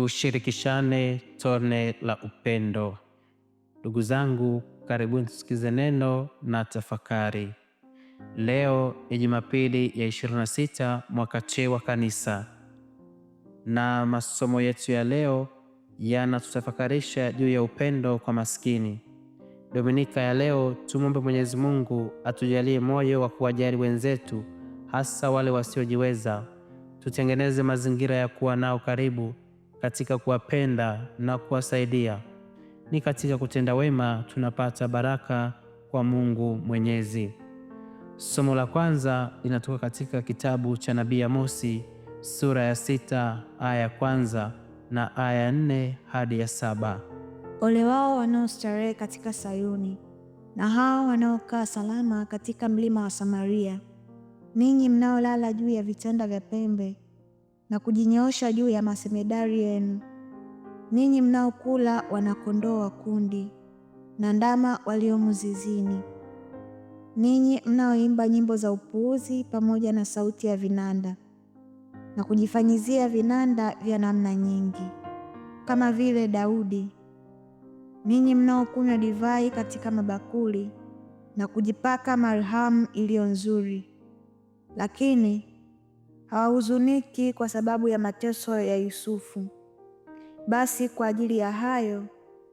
tushirikishane tone la upendo. Ndugu zangu, karibuni tusikize neno na tafakari. Leo ni Jumapili ya 26 mwaka C wa Kanisa, na masomo yetu ya leo yanatutafakarisha juu ya upendo kwa maskini. Dominika ya leo tumwombe Mwenyezi Mungu atujalie moyo wa kuwajali wenzetu, hasa wale wasiojiweza. Tutengeneze mazingira ya kuwa nao karibu katika kuwapenda na kuwasaidia. Ni katika kutenda wema tunapata baraka kwa Mungu Mwenyezi. Somo la kwanza linatoka katika kitabu cha Nabii Amosi sura ya sita aya ya kwanza na aya ya nne hadi ya saba. Ole wao wanaostarehe katika Sayuni na hao wanaokaa salama katika mlima wa Samaria, ninyi mnaolala juu ya vitanda vya pembe na kujinyoosha juu ya masemedari yenu, ninyi mnaokula wanakondoo wa kundi na ndama waliomo zizini, ninyi mnaoimba nyimbo za upuuzi pamoja na sauti ya vinanda na kujifanyizia vinanda vya namna nyingi, kama vile Daudi, ninyi mnaokunywa divai katika mabakuli na kujipaka marhamu iliyo nzuri, lakini hawahuzuniki kwa sababu ya mateso ya Yusufu. Basi kwa ajili ya hayo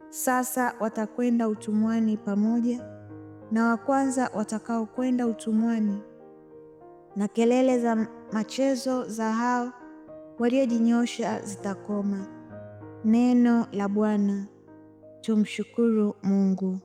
sasa watakwenda utumwani pamoja na wa kwanza watakaokwenda utumwani, na kelele za machezo za hao waliojinyosha zitakoma. Neno la Bwana. Tumshukuru Mungu.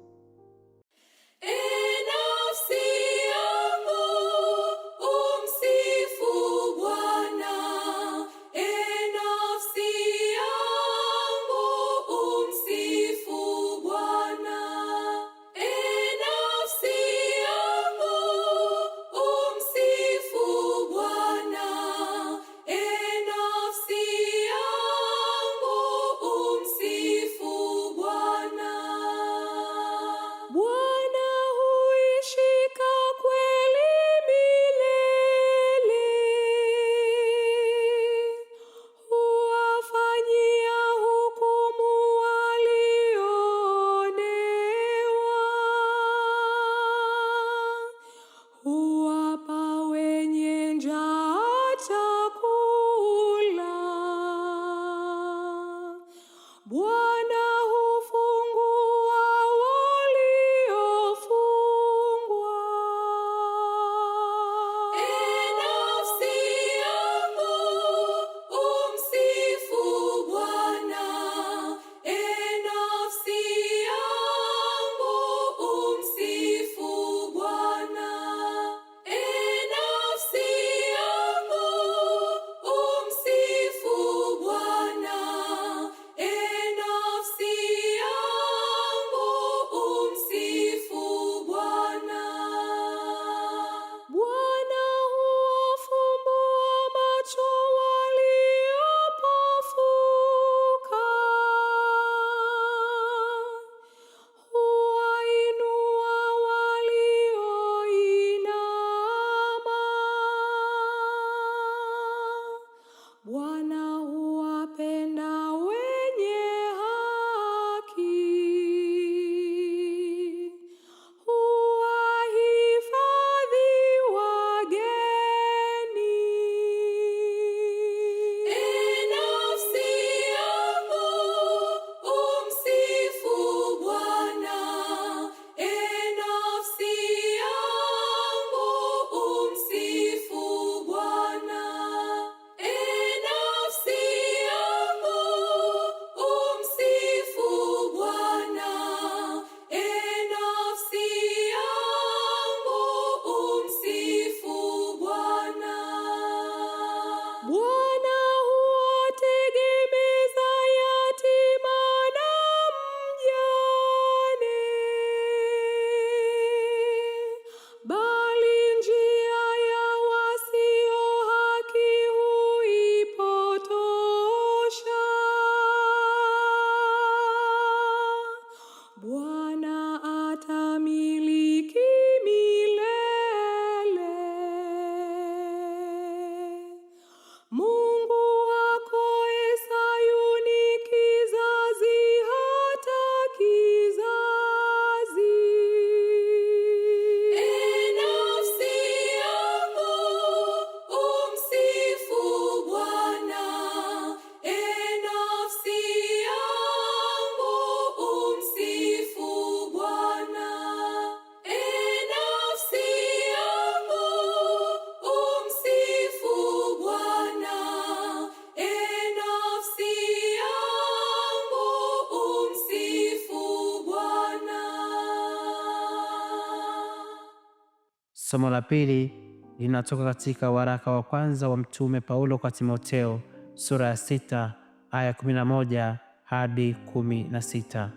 Somo la pili linatoka katika waraka wa kwanza wa Mtume Paulo kwa Timotheo sura ya sita aya kumi na moja hadi kumi na sita.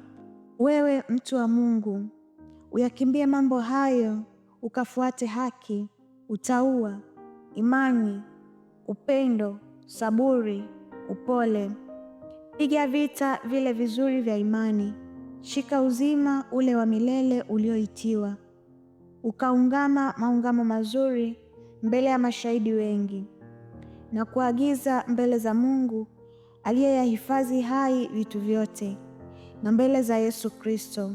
Wewe mtu wa Mungu, uyakimbie mambo hayo, ukafuate haki, utaua, imani, upendo, saburi, upole. Piga vita vile vizuri vya imani, shika uzima ule wa milele ulioitiwa ukaungama maungamo mazuri mbele ya mashahidi wengi na kuagiza mbele za Mungu aliyeyahifadhi hai vitu vyote na mbele za Yesu Kristo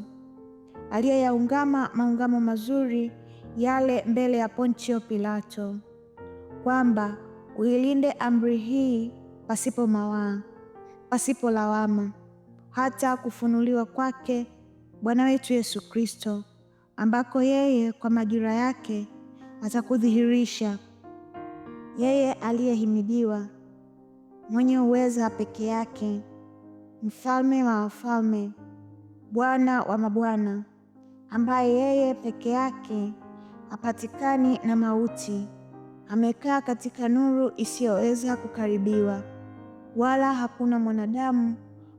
aliyeyaungama maungamo mazuri yale mbele ya Pontio Pilato, kwamba uilinde amri hii pasipo mawaa, pasipo lawama, hata kufunuliwa kwake Bwana wetu Yesu Kristo ambako yeye kwa majira yake atakudhihirisha. Yeye aliyehimidiwa, mwenye uweza peke yake, mfalme wa wafalme, Bwana wa mabwana, ambaye yeye peke yake hapatikani na mauti, amekaa katika nuru isiyoweza kukaribiwa, wala hakuna mwanadamu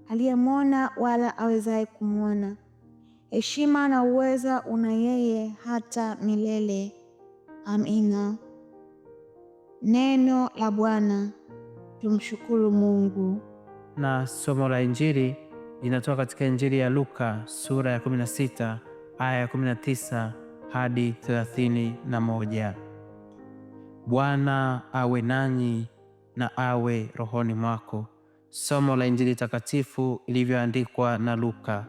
aliyemwona wala awezaye kumwona. Heshima na uweza una yeye hata milele. Amina. Neno la Bwana. Tumshukuru Mungu. Na somo la Injili linatoka katika Injili ya Luka sura ya 16 aya ya 19 hadi 31. Bwana awe nanyi na awe rohoni mwako. Somo la Injili takatifu ilivyoandikwa na Luka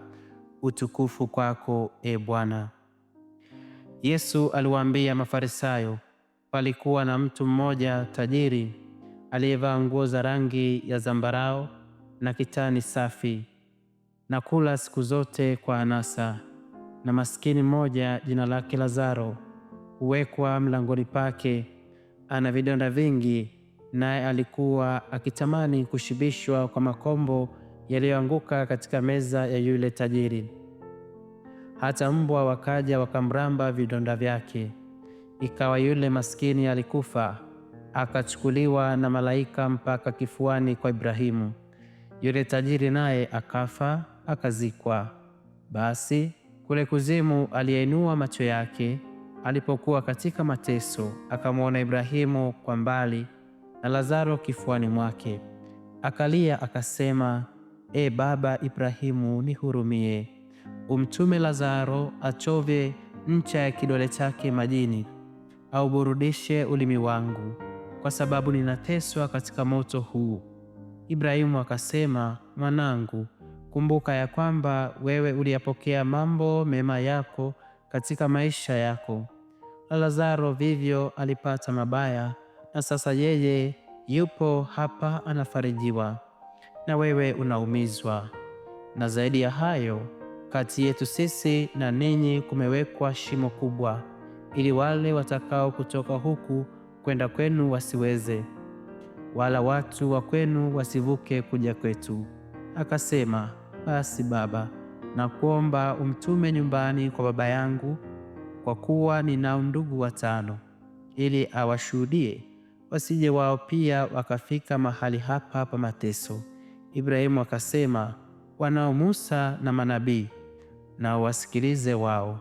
utukufu kwako, e Bwana. Yesu aliwaambia Mafarisayo, palikuwa na mtu mmoja tajiri aliyevaa nguo za rangi ya zambarao na kitani safi na kula siku zote kwa anasa, na maskini mmoja jina lake Lazaro huwekwa mlangoni pake, ana vidonda vingi, naye alikuwa akitamani kushibishwa kwa makombo yaliyoanguka katika meza ya yule tajiri. Hata mbwa wakaja wakamramba vidonda vyake. Ikawa yule maskini alikufa, akachukuliwa na malaika mpaka kifuani kwa Ibrahimu. Yule tajiri naye akafa, akazikwa. Basi kule kuzimu aliyeinua macho yake alipokuwa katika mateso, akamwona Ibrahimu kwa mbali na Lazaro kifuani mwake, akalia akasema E Baba Ibrahimu, nihurumie, umtume Lazaro achove ncha ya kidole chake majini, auburudishe ulimi wangu, kwa sababu ninateswa katika moto huu. Ibrahimu akasema, mwanangu, kumbuka ya kwamba wewe uliyapokea mambo mema yako katika maisha yako, na Lazaro vivyo alipata mabaya, na sasa yeye yupo hapa anafarijiwa na wewe unaumizwa. Na zaidi ya hayo, kati yetu sisi na ninyi kumewekwa shimo kubwa, ili wale watakao kutoka huku kwenda kwenu wasiweze, wala watu wa kwenu wasivuke kuja kwetu. Akasema, basi Baba, nakuomba umtume nyumbani kwa baba yangu, kwa kuwa ninao ndugu watano, ili awashuhudie, wasije wao pia wakafika mahali hapa pa mateso. Ibrahimu akasema, wanao Musa na manabii na wasikilize wao.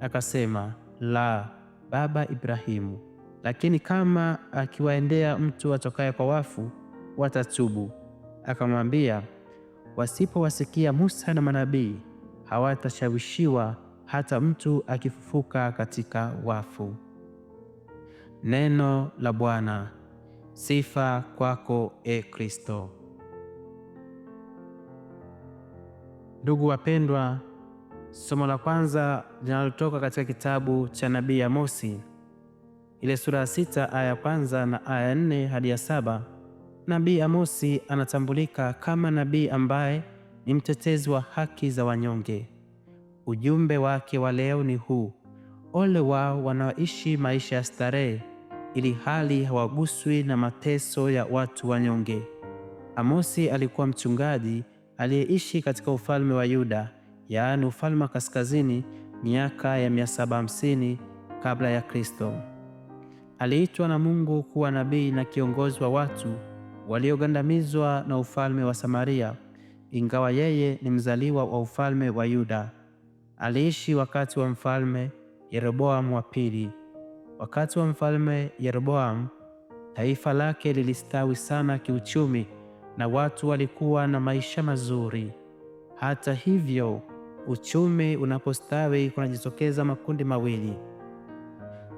Akasema, la, baba Ibrahimu, lakini kama akiwaendea mtu atokaye kwa wafu watatubu. Akamwambia, wasipowasikia Musa na manabii hawatashawishiwa hata mtu akifufuka katika wafu. Neno la Bwana. Sifa kwako, E Kristo. Ndugu wapendwa, somo la kwanza linalotoka katika kitabu cha nabii Amosi ile sura ya sita aya ya kwanza na aya ya nne hadi ya saba. Nabii Amosi anatambulika kama nabii ambaye ni mtetezi wa haki za wanyonge. Ujumbe wake wa leo ni huu: ole wao wanaoishi maisha ya starehe, ili hali hawaguswi na mateso ya watu wanyonge. Amosi alikuwa mchungaji aliyeishi katika ufalme wa Yuda, yaani ufalme wa kaskazini, miaka ya 750 kabla ya Kristo. Aliitwa na Mungu kuwa nabii na kiongozi wa watu waliogandamizwa na ufalme wa Samaria, ingawa yeye ni mzaliwa wa ufalme wa Yuda. Aliishi wakati wa mfalme yeroboam wa pili. Wakati wa mfalme yeroboam taifa lake lilistawi sana kiuchumi na watu walikuwa na maisha mazuri. Hata hivyo, uchumi unapostawi kunajitokeza makundi mawili: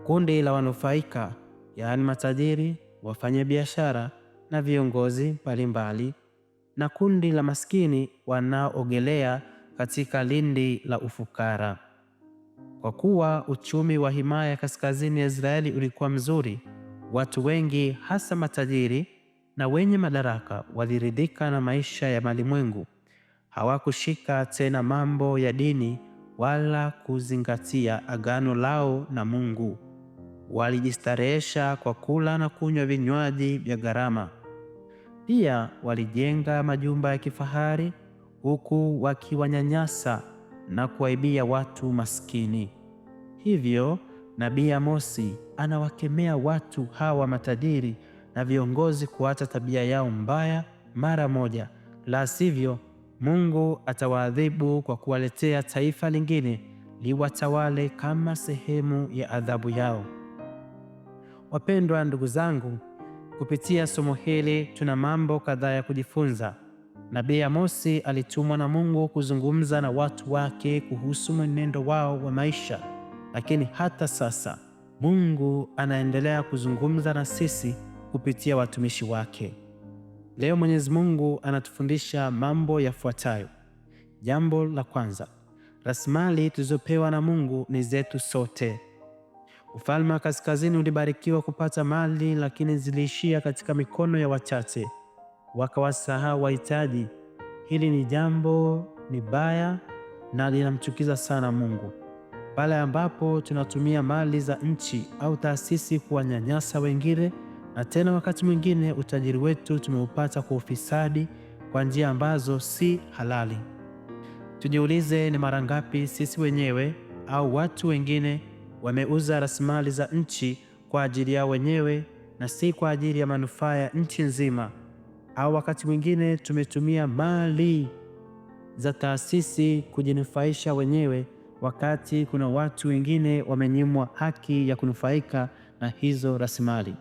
kundi la wanufaika, yaani matajiri, wafanyabiashara na viongozi mbalimbali, na kundi la maskini wanaoogelea katika lindi la ufukara. Kwa kuwa uchumi wa himaya kaskazini ya Israeli ulikuwa mzuri, watu wengi hasa matajiri na wenye madaraka waliridhika na maisha ya malimwengu. Hawakushika tena mambo ya dini wala kuzingatia agano lao na Mungu. Walijistarehesha kwa kula na kunywa vinywaji vya gharama. Pia walijenga majumba ya kifahari huku wakiwanyanyasa na kuwaibia watu maskini. Hivyo Nabii Amosi anawakemea watu hawa matajiri na viongozi kuacha tabia yao mbaya mara moja, la sivyo Mungu atawaadhibu kwa kuwaletea taifa lingine liwatawale kama sehemu ya adhabu yao. Wapendwa ndugu zangu, kupitia somo hili tuna mambo kadhaa ya kujifunza. Nabii Amosi alitumwa na Mungu kuzungumza na watu wake kuhusu mwenendo wao wa maisha, lakini hata sasa Mungu anaendelea kuzungumza na sisi kupitia watumishi wake. Leo Mwenyezi Mungu anatufundisha mambo yafuatayo. Jambo la kwanza, rasilimali tulizopewa na Mungu ni zetu sote. Ufalme wa Kaskazini ulibarikiwa kupata mali, lakini ziliishia katika mikono ya wachache, wakawasahau wahitaji. Hili ni jambo ni baya na linamchukiza sana Mungu. Pale ambapo tunatumia mali za nchi au taasisi kuwanyanyasa wengine na tena wakati mwingine utajiri wetu tumeupata kwa ufisadi, kwa njia ambazo si halali. Tujiulize, ni mara ngapi sisi wenyewe au watu wengine wameuza rasilimali za nchi kwa ajili yao wenyewe na si kwa ajili ya manufaa ya nchi nzima. Au wakati mwingine tumetumia mali za taasisi kujinufaisha wenyewe, wakati kuna watu wengine wamenyimwa haki ya kunufaika na hizo rasilimali.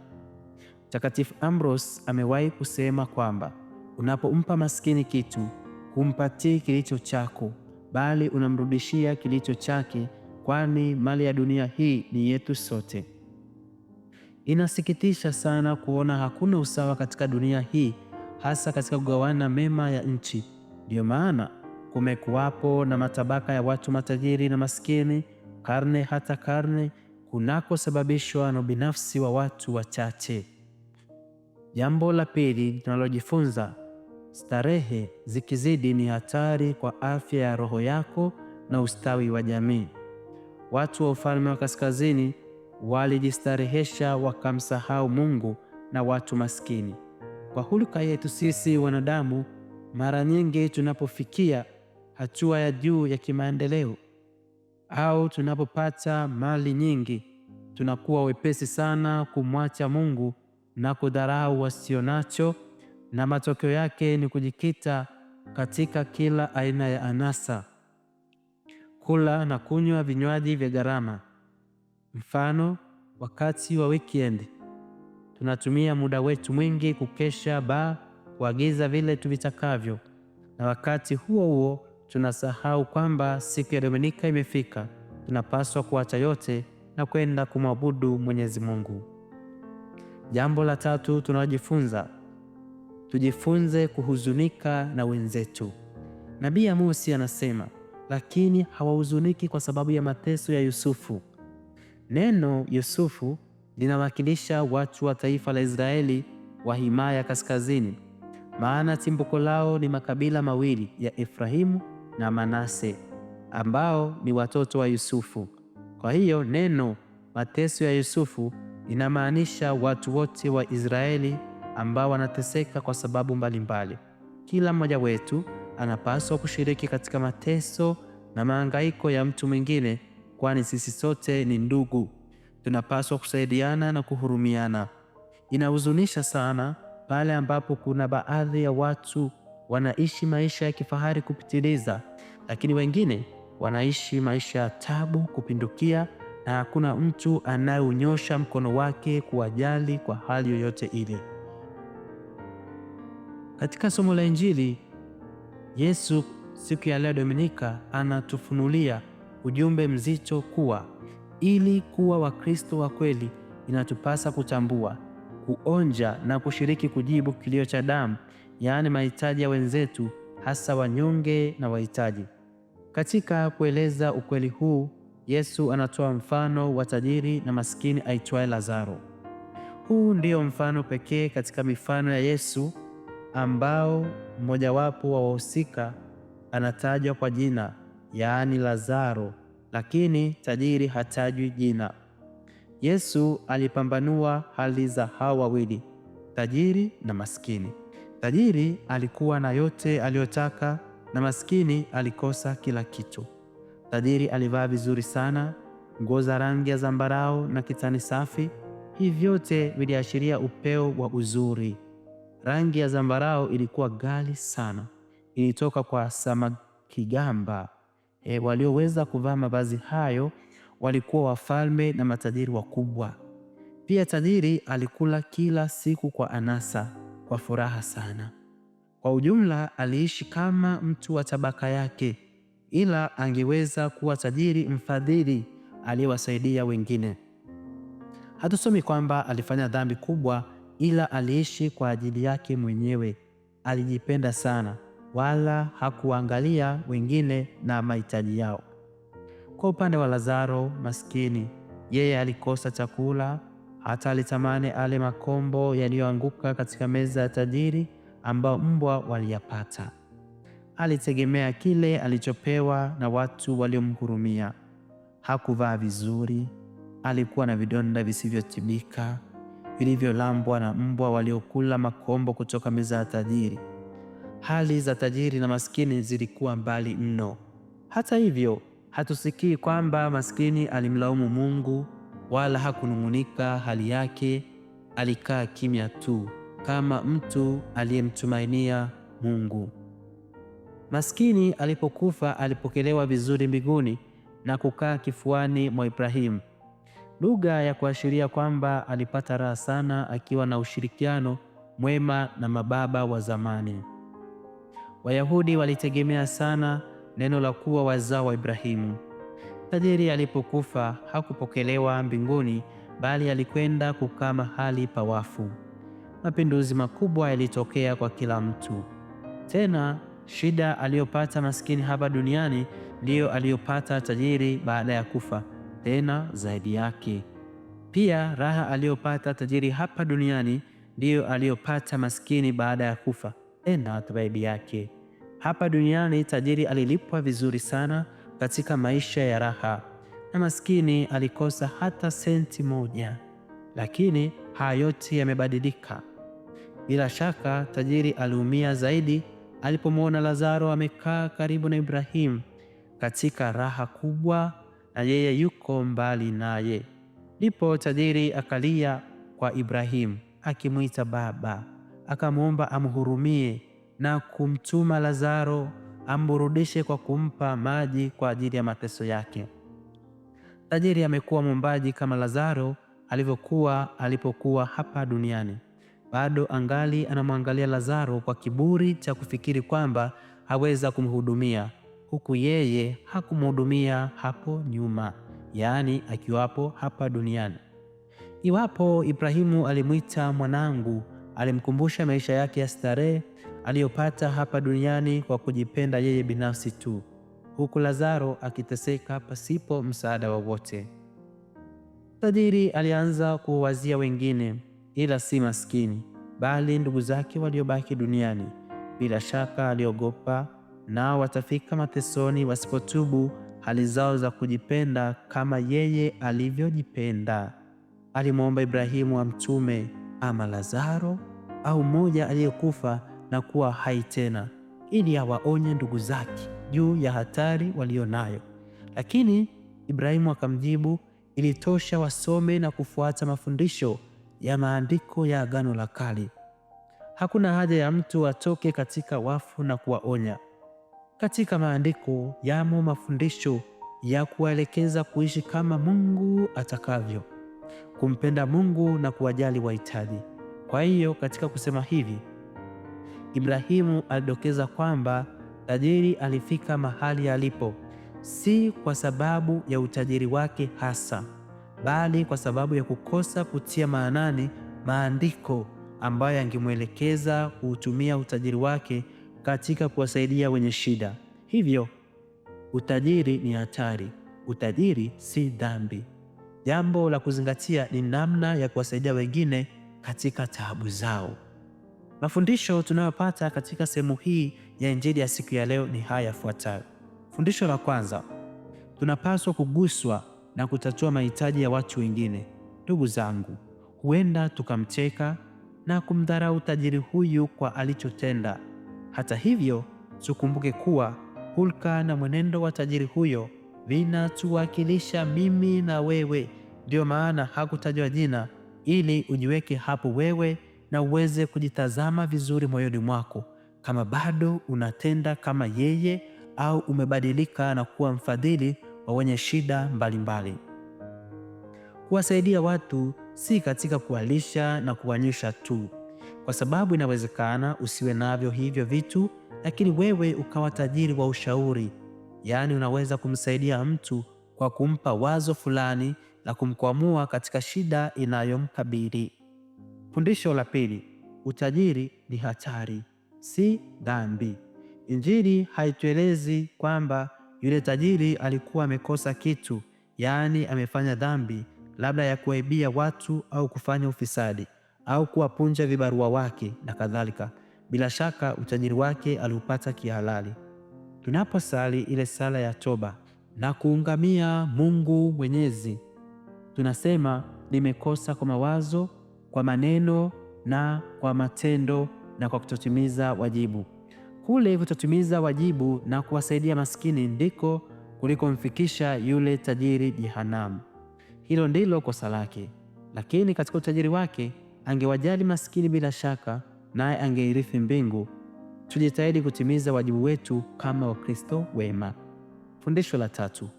Mtakatifu Ambrose amewahi kusema kwamba unapompa maskini kitu humpatii kilicho chako, bali unamrudishia kilicho chake, kwani mali ya dunia hii ni yetu sote. Inasikitisha sana kuona hakuna usawa katika dunia hii, hasa katika kugawana mema ya nchi. Ndiyo maana kumekuwapo na matabaka ya watu matajiri na maskini, karne hata karne, kunakosababishwa na ubinafsi wa watu wachache. Jambo la pili tunalojifunza, starehe zikizidi ni hatari kwa afya ya roho yako na ustawi wa jamii. Watu wa ufalme wa kaskazini walijistarehesha wakamsahau Mungu na watu maskini. Kwa hulka yetu sisi wanadamu, mara nyingi tunapofikia hatua ya juu ya kimaendeleo au tunapopata mali nyingi, tunakuwa wepesi sana kumwacha Mungu na kudharau wasio nacho na matokeo yake ni kujikita katika kila aina ya anasa, kula na kunywa vinywaji vya gharama. Mfano, wakati wa weekend tunatumia muda wetu mwingi kukesha baa, kuagiza vile tuvitakavyo, na wakati huo huo tunasahau kwamba siku ya Dominika imefika. Tunapaswa kuacha yote na kwenda kumwabudu Mwenyezi Mungu. Jambo la tatu tunalojifunza, tujifunze kuhuzunika na wenzetu. Nabii Amosi anasema, lakini hawahuzuniki kwa sababu ya mateso ya Yusufu. Neno Yusufu linawakilisha watu wa taifa la Israeli wa himaya kaskazini, maana timbuko lao ni makabila mawili ya Efrahimu na Manase ambao ni watoto wa Yusufu. Kwa hiyo neno mateso ya Yusufu Inamaanisha watu wote wa Israeli ambao wanateseka kwa sababu mbalimbali mbali. Kila mmoja wetu anapaswa kushiriki katika mateso na maangaiko ya mtu mwingine, kwani sisi sote ni ndugu. Tunapaswa kusaidiana na kuhurumiana. Inahuzunisha sana pale ambapo kuna baadhi ya watu wanaishi maisha ya kifahari kupitiliza, lakini wengine wanaishi maisha ya tabu kupindukia na hakuna mtu anayeunyosha mkono wake kuwajali kwa hali yoyote ile. Katika somo la Injili, Yesu siku ya leo Dominika anatufunulia ujumbe mzito kuwa ili kuwa Wakristo wa kweli inatupasa kutambua, kuonja na kushiriki kujibu kilio cha damu, yaani mahitaji ya wenzetu, hasa wanyonge na wahitaji. Katika kueleza ukweli huu Yesu anatoa mfano wa tajiri na maskini aitwaye Lazaro. Huu ndio mfano pekee katika mifano ya Yesu ambao mmojawapo wa wahusika anatajwa kwa jina, yaani Lazaro, lakini tajiri hatajwi jina. Yesu alipambanua hali za hawa wawili, tajiri na maskini. Tajiri alikuwa na yote aliyotaka na maskini alikosa kila kitu. Tajiri alivaa vizuri sana, nguo za rangi ya zambarau na kitani safi. Hivi vyote viliashiria upeo wa uzuri. Rangi ya zambarau ilikuwa ghali sana, ilitoka kwa Samakigamba. E, eh, walioweza kuvaa mavazi hayo walikuwa wafalme na matajiri wakubwa. Pia tajiri alikula kila siku kwa anasa, kwa furaha sana. Kwa ujumla, aliishi kama mtu wa tabaka yake ila angeweza kuwa tajiri mfadhili aliyewasaidia wengine. Hatusomi kwamba alifanya dhambi kubwa, ila aliishi kwa ajili yake mwenyewe. Alijipenda sana, wala hakuangalia wengine na mahitaji yao. Kwa upande wa Lazaro maskini, yeye alikosa chakula, hata alitamani ale makombo yaliyoanguka katika meza ya tajiri ambao mbwa waliyapata alitegemea kile alichopewa na watu waliomhurumia. Hakuvaa vizuri, alikuwa na vidonda visivyotibika vilivyolambwa na mbwa waliokula makombo kutoka meza ya tajiri. Hali za tajiri na maskini zilikuwa mbali mno. Hata hivyo, hatusikii kwamba maskini alimlaumu Mungu wala hakunung'unika. Hali yake, alikaa kimya tu kama mtu aliyemtumainia Mungu. Maskini alipokufa alipokelewa vizuri mbinguni na kukaa kifuani mwa Ibrahimu, lugha ya kuashiria kwamba alipata raha sana akiwa na ushirikiano mwema na mababa wa zamani. Wayahudi walitegemea sana neno la kuwa wazao wa Ibrahimu. Tajiri alipokufa hakupokelewa mbinguni, bali alikwenda kukaa mahali pa wafu. Mapinduzi makubwa yalitokea kwa kila mtu tena Shida aliyopata maskini hapa duniani ndiyo aliyopata tajiri baada ya kufa, tena zaidi yake. Pia raha aliyopata tajiri hapa duniani ndiyo aliyopata maskini baada ya kufa, tena zaidi yake. Hapa duniani tajiri alilipwa vizuri sana katika maisha ya raha, na maskini alikosa hata senti moja. Lakini haya yote yamebadilika. Bila shaka tajiri aliumia zaidi alipomwona Lazaro amekaa karibu na Ibrahimu katika raha kubwa na yeye yuko mbali naye. Ndipo tajiri akalia kwa Ibrahimu akimwita baba, akamwomba amhurumie na kumtuma Lazaro amburudishe kwa kumpa maji kwa ajili ya mateso yake. Tajiri amekuwa mwombaji kama Lazaro alivyokuwa alipokuwa hapa duniani bado angali anamwangalia Lazaro kwa kiburi cha kufikiri kwamba haweza kumhudumia, huku yeye hakumhudumia hapo nyuma, yaani akiwapo hapa duniani. Iwapo Ibrahimu alimwita mwanangu, alimkumbusha maisha yake ya starehe aliyopata hapa duniani kwa kujipenda yeye binafsi tu, huku Lazaro akiteseka pasipo msaada wowote. Tajiri alianza kuwazia wengine ila si maskini, bali ndugu zake waliobaki duniani. Bila shaka aliogopa, nao watafika matesoni wasipotubu hali zao za kujipenda kama yeye alivyojipenda. Alimwomba Ibrahimu amtume ama Lazaro au mmoja aliyekufa na kuwa hai tena, ili awaonye ndugu zake juu ya hatari walionayo. Lakini Ibrahimu akamjibu, ilitosha wasome na kufuata mafundisho ya maandiko ya Agano la Kale. Hakuna haja ya mtu atoke katika wafu na kuwaonya. Katika maandiko yamo mafundisho ya kuwaelekeza kuishi kama Mungu atakavyo, kumpenda Mungu na kuwajali wahitaji. Kwa hiyo katika kusema hivi, Ibrahimu alidokeza kwamba tajiri alifika mahali alipo si kwa sababu ya utajiri wake hasa bali kwa sababu ya kukosa kutia maanani maandiko ambayo yangemwelekeza kuutumia utajiri wake katika kuwasaidia wenye shida. Hivyo utajiri ni hatari, utajiri si dhambi. Jambo la kuzingatia ni namna ya kuwasaidia wengine katika taabu zao. Mafundisho tunayopata katika sehemu hii ya Injili ya siku ya leo ni haya yafuatayo. Fundisho la kwanza, tunapaswa kuguswa na kutatua mahitaji ya watu wengine. Ndugu zangu, huenda tukamcheka na kumdharau tajiri huyu kwa alichotenda. Hata hivyo, tukumbuke kuwa hulka na mwenendo wa tajiri huyo vinatuwakilisha mimi na wewe. Ndiyo maana hakutajwa jina, ili ujiweke hapo wewe na uweze kujitazama vizuri moyoni mwako, kama bado unatenda kama yeye au umebadilika na kuwa mfadhili wa wenye shida mbalimbali. Kuwasaidia watu si katika kuwalisha na kuwanywisha tu, kwa sababu inawezekana usiwe navyo hivyo vitu, lakini wewe ukawa tajiri wa ushauri. Yaani, unaweza kumsaidia mtu kwa kumpa wazo fulani la kumkwamua katika shida inayomkabili. Fundisho la pili: utajiri ni hatari, si dhambi. Injili haituelezi kwamba yule tajiri alikuwa amekosa kitu, yaani amefanya dhambi, labda ya kuwaibia watu au kufanya ufisadi au kuwapunja vibarua wake na kadhalika. Bila shaka utajiri wake aliupata kihalali. Tunaposali ile sala ya toba na kuungamia Mungu Mwenyezi, tunasema nimekosa kwa mawazo, kwa maneno na kwa matendo na kwa kutotimiza wajibu. Kule kutatimiza wajibu na kuwasaidia maskini ndiko kulikomfikisha yule tajiri jehanamu. Hilo ndilo kosa lake, lakini katika utajiri wake angewajali maskini bila shaka, naye angeirithi mbingu. Tujitahidi kutimiza wajibu wetu kama Wakristo wema. Fundisho la tatu: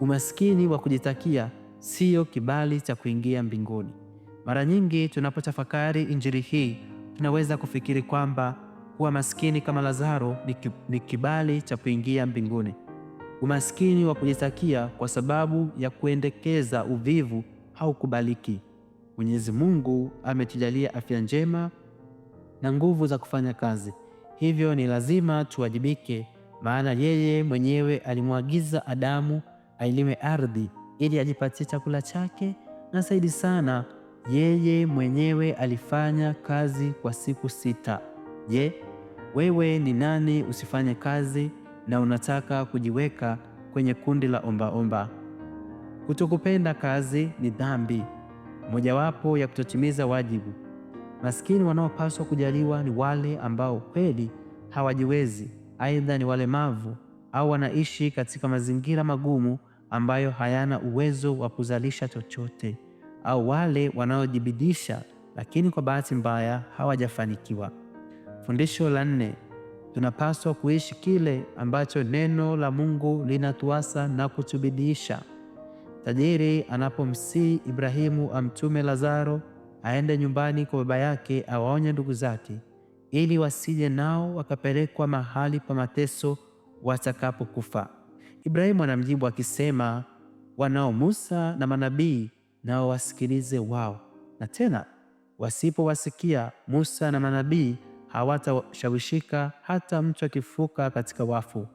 umaskini wa kujitakia siyo kibali cha kuingia mbinguni. Mara nyingi tunapotafakari injili hii tunaweza kufikiri kwamba kuwa maskini kama Lazaro ni kibali cha kuingia mbinguni. Umaskini wa kujitakia kwa sababu ya kuendekeza uvivu haukubaliki. Mwenyezi Mungu ametujalia afya njema na nguvu za kufanya kazi, hivyo ni lazima tuwajibike, maana yeye mwenyewe alimwagiza Adamu ailime ardhi ili ajipatie chakula chake, na zaidi sana yeye mwenyewe alifanya kazi kwa siku sita. Je, wewe ni nani usifanye kazi na unataka kujiweka kwenye kundi la ombaomba? Kutokupenda kazi ni dhambi mojawapo ya kutotimiza wajibu. Maskini wanaopaswa kujaliwa ni wale ambao kweli hawajiwezi, aidha ni walemavu au wanaishi katika mazingira magumu ambayo hayana uwezo wa kuzalisha chochote, au wale wanaojibidisha lakini kwa bahati mbaya hawajafanikiwa. Fundisho la nne, tunapaswa kuishi kile ambacho neno la Mungu linatuasa na kutubidiisha. Tajiri anapomsii Ibrahimu amtume Lazaro aende nyumbani kwa baba yake awaonye ndugu zake, ili wasije nao wakapelekwa mahali pa mateso watakapokufa. Ibrahimu anamjibu akisema, wanao Musa na manabii, nao wasikilize wao, na tena wasipowasikia Musa na manabii hawatashawishika hata mtu akifuka katika wafu.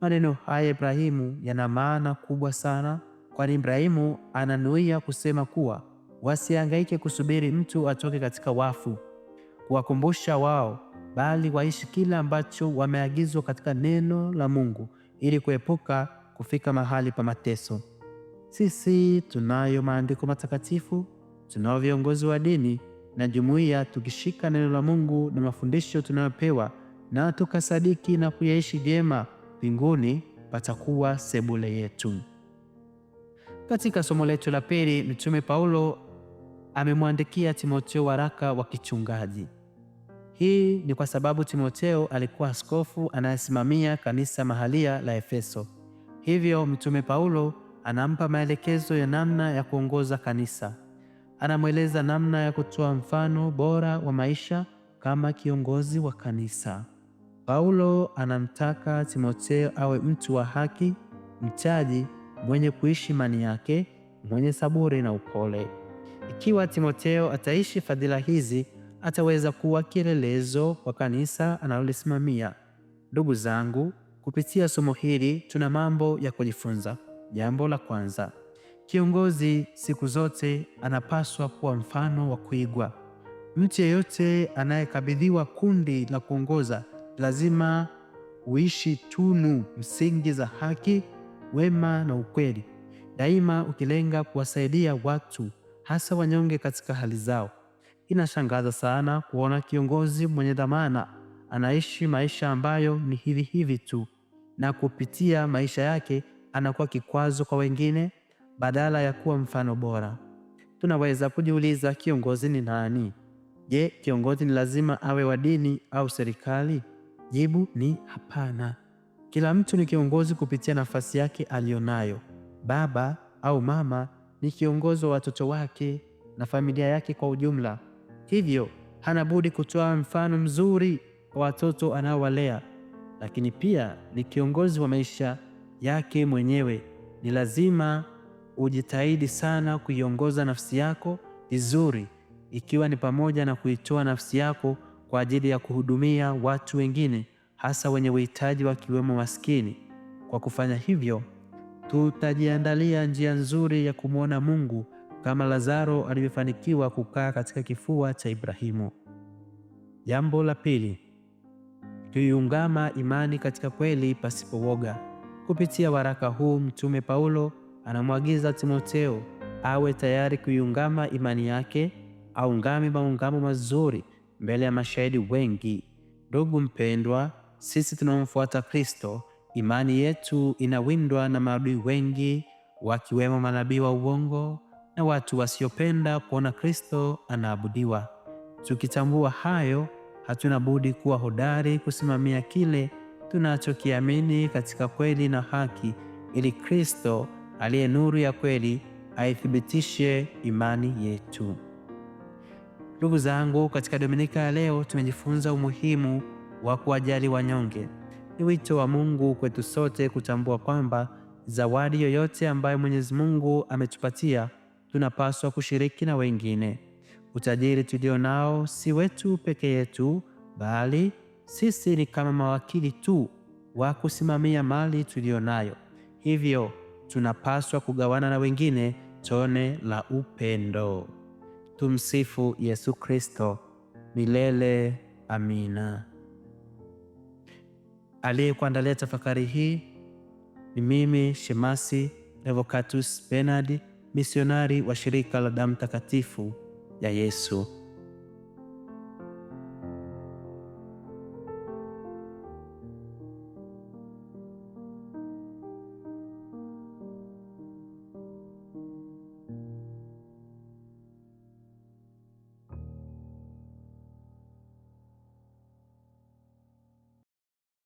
Maneno haya Ibrahimu yana maana kubwa sana, kwani Ibrahimu ananuia kusema kuwa wasihangaike kusubiri mtu atoke katika wafu kuwakumbusha wao, bali waishi kila ambacho wameagizwa katika neno la Mungu ili kuepuka kufika mahali pa mateso. Sisi tunayo maandiko matakatifu, tunao viongozi wa dini na jumuiya, tukishika neno la Mungu na mafundisho tunayopewa na tukasadiki na kuyaishi vyema, mbinguni patakuwa sebule yetu. Katika somo letu la pili, Mtume Paulo amemwandikia Timotheo waraka wa kichungaji. Hii ni kwa sababu Timotheo alikuwa askofu anayesimamia kanisa mahalia la Efeso. Hivyo Mtume Paulo anampa maelekezo ya namna ya kuongoza kanisa anamweleza namna ya kutoa mfano bora wa maisha kama kiongozi wa kanisa. Paulo anamtaka Timotheo awe mtu wa haki, mchaji, mwenye kuishi imani yake, mwenye saburi na upole. Ikiwa Timotheo ataishi fadhila hizi, ataweza kuwa kielelezo kwa kanisa analolisimamia. Ndugu zangu, kupitia somo hili tuna mambo ya kujifunza. Jambo la kwanza, Kiongozi siku zote anapaswa kuwa mfano wa kuigwa. Mtu yeyote anayekabidhiwa kundi la kuongoza lazima uishi tunu msingi za haki, wema na ukweli, daima ukilenga kuwasaidia watu, hasa wanyonge katika hali zao. Inashangaza sana kuona kiongozi mwenye dhamana anaishi maisha ambayo ni hivi hivi tu, na kupitia maisha yake anakuwa kikwazo kwa wengine badala ya kuwa mfano bora. Tunaweza kujiuliza, kiongozi ni nani? Je, kiongozi ni lazima awe wa dini au serikali? Jibu ni hapana. Kila mtu ni kiongozi kupitia nafasi yake aliyonayo. Baba au mama ni kiongozi wa watoto wake na familia yake kwa ujumla, hivyo hana budi kutoa mfano mzuri kwa watoto anaowalea. Lakini pia ni kiongozi wa maisha yake mwenyewe. Ni lazima ujitahidi sana kuiongoza nafsi yako vizuri, ikiwa ni pamoja na kuitoa nafsi yako kwa ajili ya kuhudumia watu wengine, hasa wenye uhitaji wakiwemo maskini. Kwa kufanya hivyo, tutajiandalia njia nzuri ya kumwona Mungu kama Lazaro alivyofanikiwa kukaa katika kifua cha Ibrahimu. Jambo la pili, tuiungama imani katika kweli pasipo woga. Kupitia waraka huu Mtume Paulo anamwagiza Timotheo awe tayari kuiungama imani yake, aungame maungamo mazuri mbele ya mashahidi wengi. Ndugu mpendwa, sisi tunaomfuata Kristo, imani yetu inawindwa na maadui wengi, wakiwemo manabii wa uongo na watu wasiopenda kuona Kristo anaabudiwa. Tukitambua hayo, hatuna budi kuwa hodari kusimamia kile tunachokiamini katika kweli na haki, ili Kristo aliye nuru ya kweli aithibitishe imani yetu. Ndugu zangu, katika Dominika ya leo tumejifunza umuhimu wa kuwajali wanyonge. Ni wito wa Mungu kwetu sote kutambua kwamba zawadi yoyote ambayo Mwenyezi Mungu ametupatia tunapaswa kushiriki na wengine. Utajiri tulio nao si wetu peke yetu, bali sisi ni kama mawakili tu wa kusimamia mali tuliyo nayo. Hivyo tunapaswa kugawana na wengine tone la upendo. Tumsifu Yesu Kristo milele. Amina. Aliyekuandalia tafakari hii ni mimi Shemasi Revocatus Bernard, misionari wa shirika la damu takatifu ya Yesu.